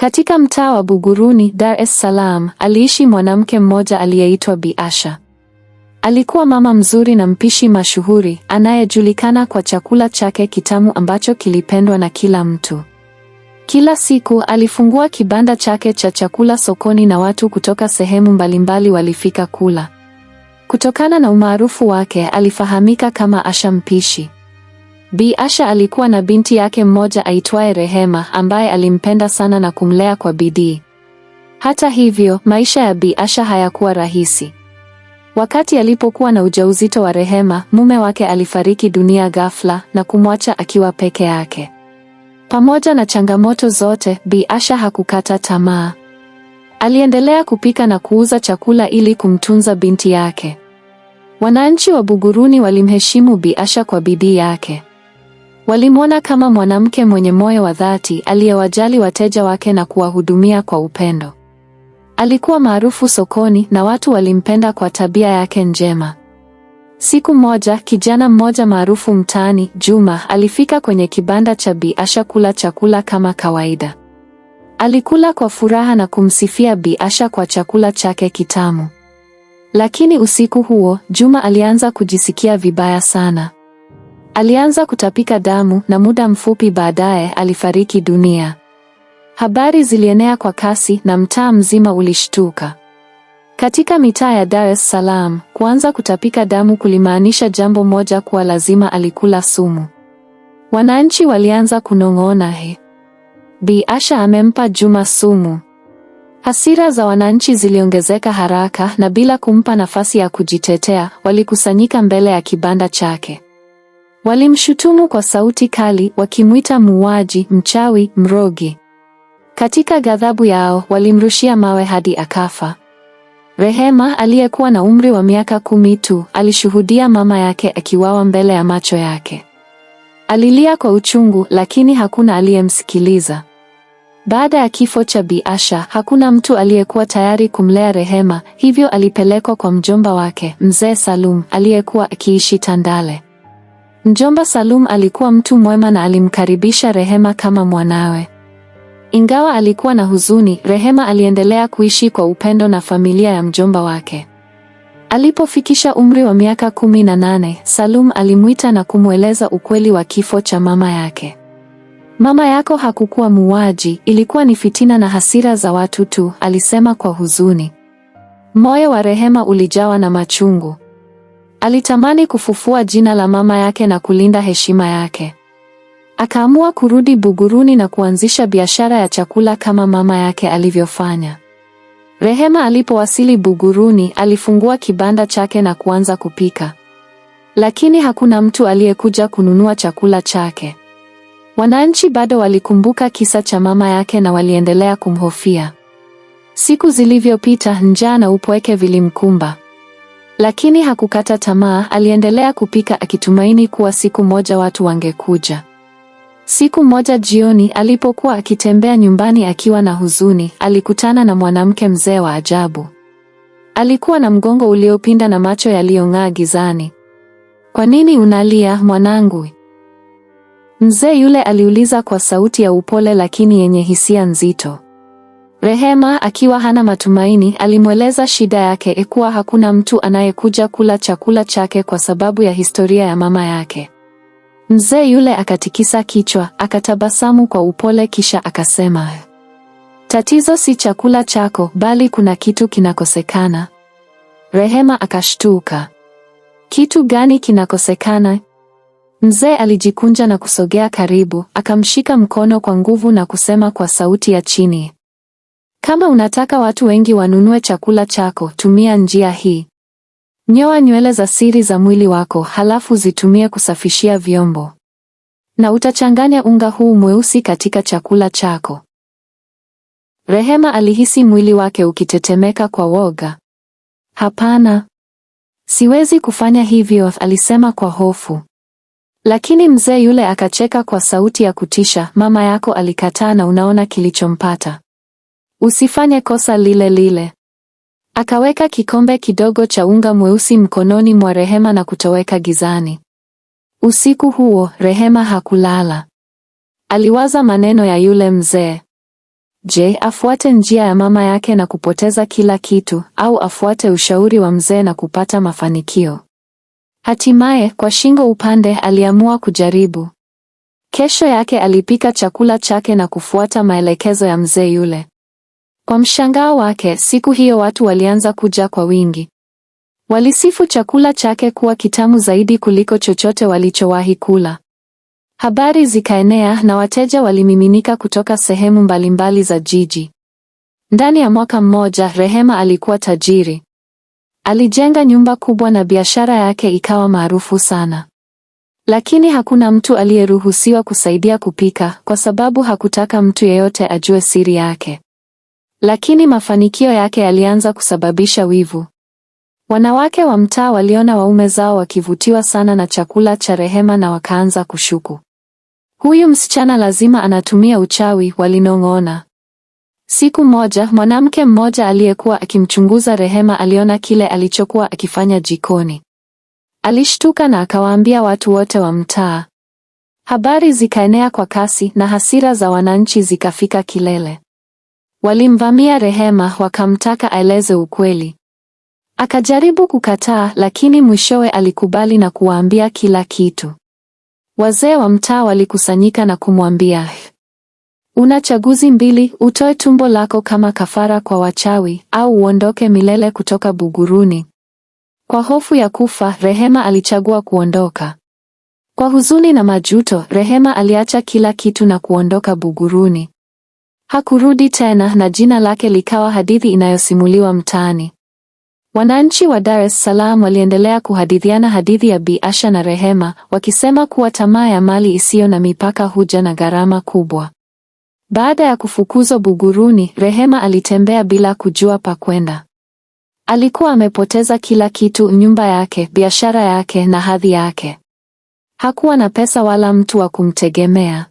Katika mtaa wa Buguruni, Dar es Salaam, aliishi mwanamke mmoja aliyeitwa Bi Asha. Alikuwa mama mzuri na mpishi mashuhuri anayejulikana kwa chakula chake kitamu ambacho kilipendwa na kila mtu. Kila siku alifungua kibanda chake cha chakula sokoni na watu kutoka sehemu mbalimbali walifika kula. Kutokana na umaarufu wake, alifahamika kama Asha mpishi. Bi Asha alikuwa na binti yake mmoja aitwaye Rehema ambaye alimpenda sana na kumlea kwa bidii. Hata hivyo, maisha ya Bi Asha hayakuwa rahisi. Wakati alipokuwa na ujauzito wa Rehema, mume wake alifariki dunia ghafla na kumwacha akiwa peke yake. Pamoja na changamoto zote, Bi Asha hakukata tamaa. Aliendelea kupika na kuuza chakula ili kumtunza binti yake. Wananchi wa Buguruni walimheshimu Bi Asha kwa bidii yake. Walimwona kama mwanamke mwenye moyo wa dhati aliyewajali wateja wake na kuwahudumia kwa upendo. Alikuwa maarufu sokoni na watu walimpenda kwa tabia yake njema. Siku moja, kijana mmoja maarufu mtaani, Juma, alifika kwenye kibanda cha Bi Asha kula chakula kama kawaida. Alikula kwa furaha na kumsifia Bi Asha kwa chakula chake kitamu. Lakini usiku huo, Juma alianza kujisikia vibaya sana. Alianza kutapika damu na muda mfupi baadaye alifariki dunia. Habari zilienea kwa kasi na mtaa mzima ulishtuka. Katika mitaa ya Dar es Salaam, kuanza kutapika damu kulimaanisha jambo moja kuwa lazima alikula sumu. Wananchi walianza kunong'ona, he, Bi Asha amempa Juma sumu. Hasira za wananchi ziliongezeka haraka na bila kumpa nafasi ya kujitetea, walikusanyika mbele ya kibanda chake. Walimshutumu kwa sauti kali, wakimwita muuaji, mchawi, mrogi. Katika ghadhabu yao walimrushia mawe hadi akafa. Rehema aliyekuwa na umri wa miaka kumi tu alishuhudia mama yake akiwawa mbele ya macho yake. Alilia kwa uchungu, lakini hakuna aliyemsikiliza. Baada ya kifo cha Bi Asha hakuna mtu aliyekuwa tayari kumlea Rehema, hivyo alipelekwa kwa mjomba wake Mzee Salum aliyekuwa akiishi Tandale. Mjomba Salum alikuwa mtu mwema na alimkaribisha Rehema kama mwanawe. Ingawa alikuwa na huzuni, Rehema aliendelea kuishi kwa upendo na familia ya mjomba wake. Alipofikisha umri wa miaka kumi na nane, Salum alimwita na kumweleza ukweli wa kifo cha mama yake. Mama yako hakukuwa muuaji, ilikuwa ni fitina na hasira za watu tu, alisema kwa huzuni. Moyo wa Rehema ulijawa na machungu. Alitamani kufufua jina la mama yake na kulinda heshima yake. Akaamua kurudi Buguruni na kuanzisha biashara ya chakula kama mama yake alivyofanya. Rehema alipowasili Buguruni, alifungua kibanda chake na kuanza kupika. Lakini hakuna mtu aliyekuja kununua chakula chake. Wananchi bado walikumbuka kisa cha mama yake na waliendelea kumhofia. Siku zilivyopita, njaa na upweke vilimkumba. Lakini hakukata tamaa, aliendelea kupika akitumaini kuwa siku moja watu wangekuja. Siku moja jioni, alipokuwa akitembea nyumbani akiwa na huzuni, alikutana na mwanamke mzee wa ajabu. Alikuwa na mgongo uliopinda na macho yaliyong'aa gizani. Kwa nini unalia mwanangu? Mzee yule aliuliza kwa sauti ya upole lakini yenye hisia nzito. Rehema akiwa hana matumaini, alimweleza shida yake kuwa hakuna mtu anayekuja kula chakula chake kwa sababu ya historia ya mama yake. Mzee yule akatikisa kichwa, akatabasamu kwa upole kisha akasema, Tatizo si chakula chako bali kuna kitu kinakosekana. Rehema akashtuka. Kitu gani kinakosekana? Mzee alijikunja na kusogea karibu, akamshika mkono kwa nguvu na kusema kwa sauti ya chini. Kama unataka watu wengi wanunue chakula chako, tumia njia hii. Nyoa nywele za siri za mwili wako halafu zitumie kusafishia vyombo. Na utachanganya unga huu mweusi katika chakula chako. Rehema alihisi mwili wake ukitetemeka kwa woga. Hapana. Siwezi kufanya hivyo, alisema kwa hofu. Lakini mzee yule akacheka kwa sauti ya kutisha, mama yako alikataa na unaona kilichompata. Usifanye kosa lile lile. Akaweka kikombe kidogo cha unga mweusi mkononi mwa Rehema na kutoweka gizani. Usiku huo Rehema hakulala. Aliwaza maneno ya yule mzee. Je, afuate njia ya mama yake na kupoteza kila kitu au afuate ushauri wa mzee na kupata mafanikio? Hatimaye kwa shingo upande aliamua kujaribu. Kesho yake alipika chakula chake na kufuata maelekezo ya mzee yule. Kwa mshangao wake, siku hiyo watu walianza kuja kwa wingi. Walisifu chakula chake kuwa kitamu zaidi kuliko chochote walichowahi kula. Habari zikaenea na wateja walimiminika kutoka sehemu mbalimbali za jiji. Ndani ya mwaka mmoja, Rehema alikuwa tajiri. Alijenga nyumba kubwa na biashara yake ikawa maarufu sana. Lakini hakuna mtu aliyeruhusiwa kusaidia kupika kwa sababu hakutaka mtu yeyote ajue siri yake. Lakini mafanikio yake yalianza kusababisha wivu. Wanawake wa mtaa waliona waume zao wakivutiwa sana na chakula cha Rehema na wakaanza kushuku. Huyu msichana lazima anatumia uchawi, walinong'ona. Siku moja, mwanamke mmoja aliyekuwa akimchunguza Rehema aliona kile alichokuwa akifanya jikoni. Alishtuka na akawaambia watu wote wa mtaa. Habari zikaenea kwa kasi na hasira za wananchi zikafika kilele. Walimvamia Rehema wakamtaka aeleze ukweli. Akajaribu kukataa lakini mwishowe alikubali na kuwaambia kila kitu. Wazee wa mtaa walikusanyika na kumwambia, una chaguzi mbili, utoe tumbo lako kama kafara kwa wachawi au uondoke milele kutoka Buguruni. Kwa hofu ya kufa, Rehema alichagua kuondoka. Kwa huzuni na majuto, Rehema aliacha kila kitu na kuondoka Buguruni. Hakurudi tena na jina lake likawa hadithi inayosimuliwa mtaani. Wananchi wa Dar es Salaam waliendelea kuhadithiana hadithi ya Bi Asha na Rehema, wakisema kuwa tamaa ya mali isiyo na mipaka huja na gharama kubwa. Baada ya kufukuzwa Buguruni, Rehema alitembea bila kujua pa kwenda. Alikuwa amepoteza kila kitu, nyumba yake, biashara yake na hadhi yake. Hakuwa na pesa wala mtu wa kumtegemea.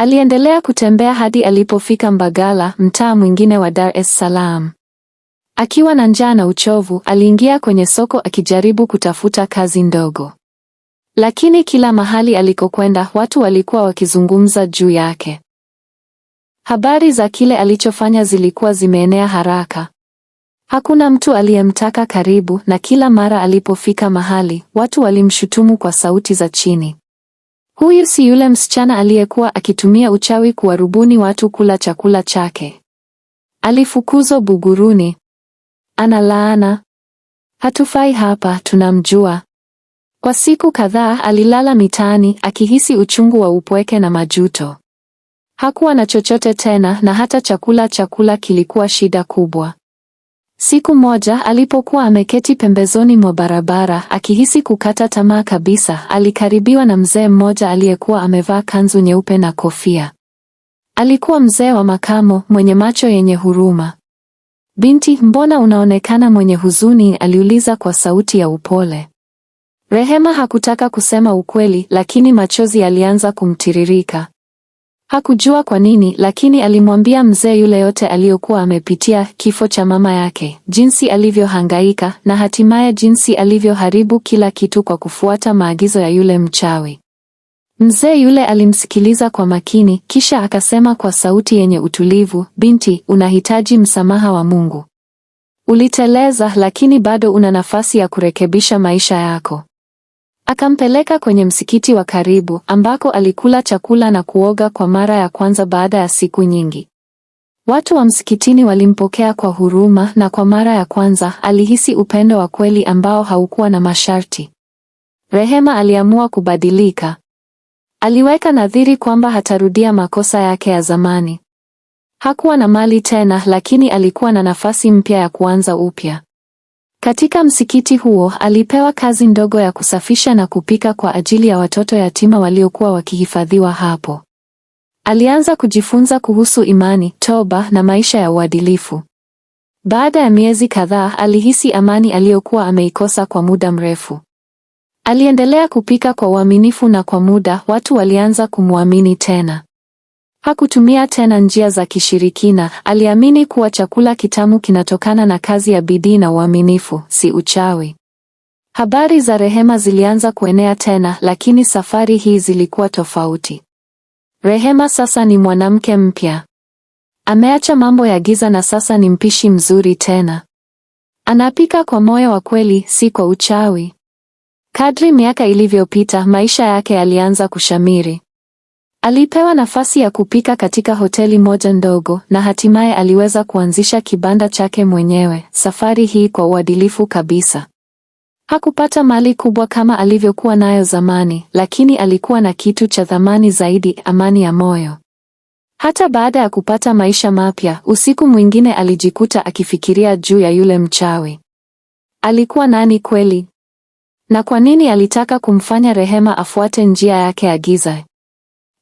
Aliendelea kutembea hadi alipofika Mbagala, mtaa mwingine wa Dar es Salaam. Akiwa na njaa na uchovu, aliingia kwenye soko akijaribu kutafuta kazi ndogo. Lakini kila mahali alikokwenda watu walikuwa wakizungumza juu yake. Habari za kile alichofanya zilikuwa zimeenea haraka. Hakuna mtu aliyemtaka karibu na kila mara alipofika mahali, watu walimshutumu kwa sauti za chini. Huyu si yule msichana aliyekuwa akitumia uchawi kuwarubuni watu kula chakula chake. Alifukuzwa Buguruni. Ana laana. Hatufai hapa, tunamjua. Kwa siku kadhaa alilala mitaani akihisi uchungu wa upweke na majuto. Hakuwa na chochote tena na hata chakula chakula kilikuwa shida kubwa. Siku moja alipokuwa ameketi pembezoni mwa barabara akihisi kukata tamaa kabisa, alikaribiwa na mzee mmoja aliyekuwa amevaa kanzu nyeupe na kofia. Alikuwa mzee wa makamo mwenye macho yenye huruma. Binti, mbona unaonekana mwenye huzuni? aliuliza kwa sauti ya upole. Rehema hakutaka kusema ukweli, lakini machozi yalianza kumtiririka. Hakujua kwa nini, lakini alimwambia mzee yule yote aliyokuwa amepitia, kifo cha mama yake, jinsi alivyohangaika na hatimaye jinsi alivyoharibu kila kitu kwa kufuata maagizo ya yule mchawi. Mzee yule alimsikiliza kwa makini, kisha akasema kwa sauti yenye utulivu, binti, unahitaji msamaha wa Mungu. Uliteleza, lakini bado una nafasi ya kurekebisha maisha yako. Akampeleka kwenye msikiti wa karibu ambako alikula chakula na kuoga kwa mara ya kwanza baada ya siku nyingi. Watu wa msikitini walimpokea kwa huruma na kwa mara ya kwanza alihisi upendo wa kweli ambao haukuwa na masharti. Rehema aliamua kubadilika. Aliweka nadhiri kwamba hatarudia makosa yake ya zamani. Hakuwa na mali tena, lakini alikuwa na nafasi mpya ya kuanza upya. Katika msikiti huo alipewa kazi ndogo ya kusafisha na kupika kwa ajili ya watoto yatima waliokuwa wakihifadhiwa hapo. Alianza kujifunza kuhusu imani, toba na maisha ya uadilifu. Baada ya miezi kadhaa alihisi amani aliyokuwa ameikosa kwa muda mrefu. Aliendelea kupika kwa uaminifu na kwa muda watu walianza kumwamini tena. Hakutumia tena njia za kishirikina, aliamini kuwa chakula kitamu kinatokana na kazi ya bidii na uaminifu, si uchawi. Habari za Rehema zilianza kuenea tena, lakini safari hii zilikuwa tofauti. Rehema sasa ni mwanamke mpya. Ameacha mambo ya giza na sasa ni mpishi mzuri tena. Anapika kwa moyo wa kweli, si kwa uchawi. Kadri miaka ilivyopita, maisha yake yalianza kushamiri. Alipewa nafasi ya kupika katika hoteli moja ndogo na hatimaye aliweza kuanzisha kibanda chake mwenyewe, safari hii kwa uadilifu kabisa. Hakupata mali kubwa kama alivyokuwa nayo zamani, lakini alikuwa na kitu cha thamani zaidi, amani ya moyo. Hata baada ya kupata maisha mapya, usiku mwingine alijikuta akifikiria juu ya yule mchawi. Alikuwa nani kweli? Na kwa nini alitaka kumfanya Rehema afuate njia yake ya giza?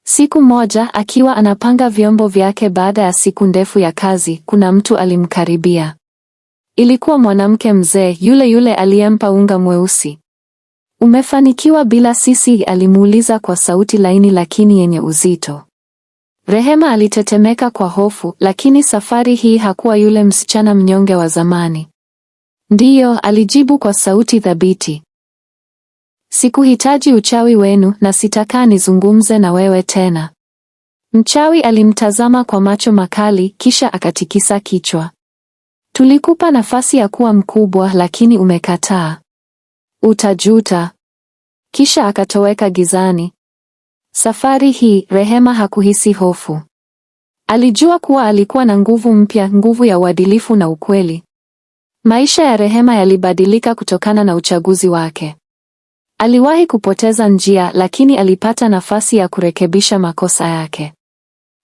Siku moja akiwa anapanga vyombo vyake baada ya siku ndefu ya kazi, kuna mtu alimkaribia. Ilikuwa mwanamke mzee, yule yule aliyempa unga mweusi. Umefanikiwa bila sisi? alimuuliza kwa sauti laini lakini yenye uzito. Rehema alitetemeka kwa hofu, lakini safari hii hakuwa yule msichana mnyonge wa zamani. Ndiyo, alijibu kwa sauti thabiti. Sikuhitaji uchawi wenu na sitakaa nizungumze na wewe tena. Mchawi alimtazama kwa macho makali kisha akatikisa kichwa. Tulikupa nafasi ya kuwa mkubwa lakini umekataa. Utajuta. Kisha akatoweka gizani. Safari hii Rehema hakuhisi hofu. Alijua kuwa alikuwa na nguvu mpya, nguvu ya uadilifu na ukweli. Maisha ya Rehema yalibadilika kutokana na uchaguzi wake. Aliwahi kupoteza njia lakini alipata nafasi ya kurekebisha makosa yake.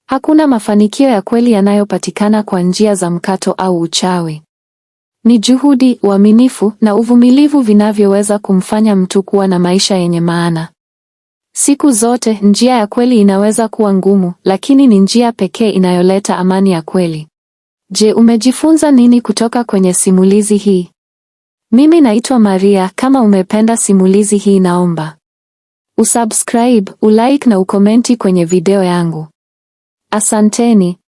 Hakuna mafanikio ya kweli yanayopatikana kwa njia za mkato au uchawi. Ni juhudi, uaminifu na uvumilivu vinavyoweza kumfanya mtu kuwa na maisha yenye maana. Siku zote njia ya kweli inaweza kuwa ngumu, lakini ni njia pekee inayoleta amani ya kweli. Je, umejifunza nini kutoka kwenye simulizi hii? Mimi naitwa Maria. Kama umependa simulizi hii, naomba usubscribe, ulike na ukomenti kwenye video yangu. Asanteni.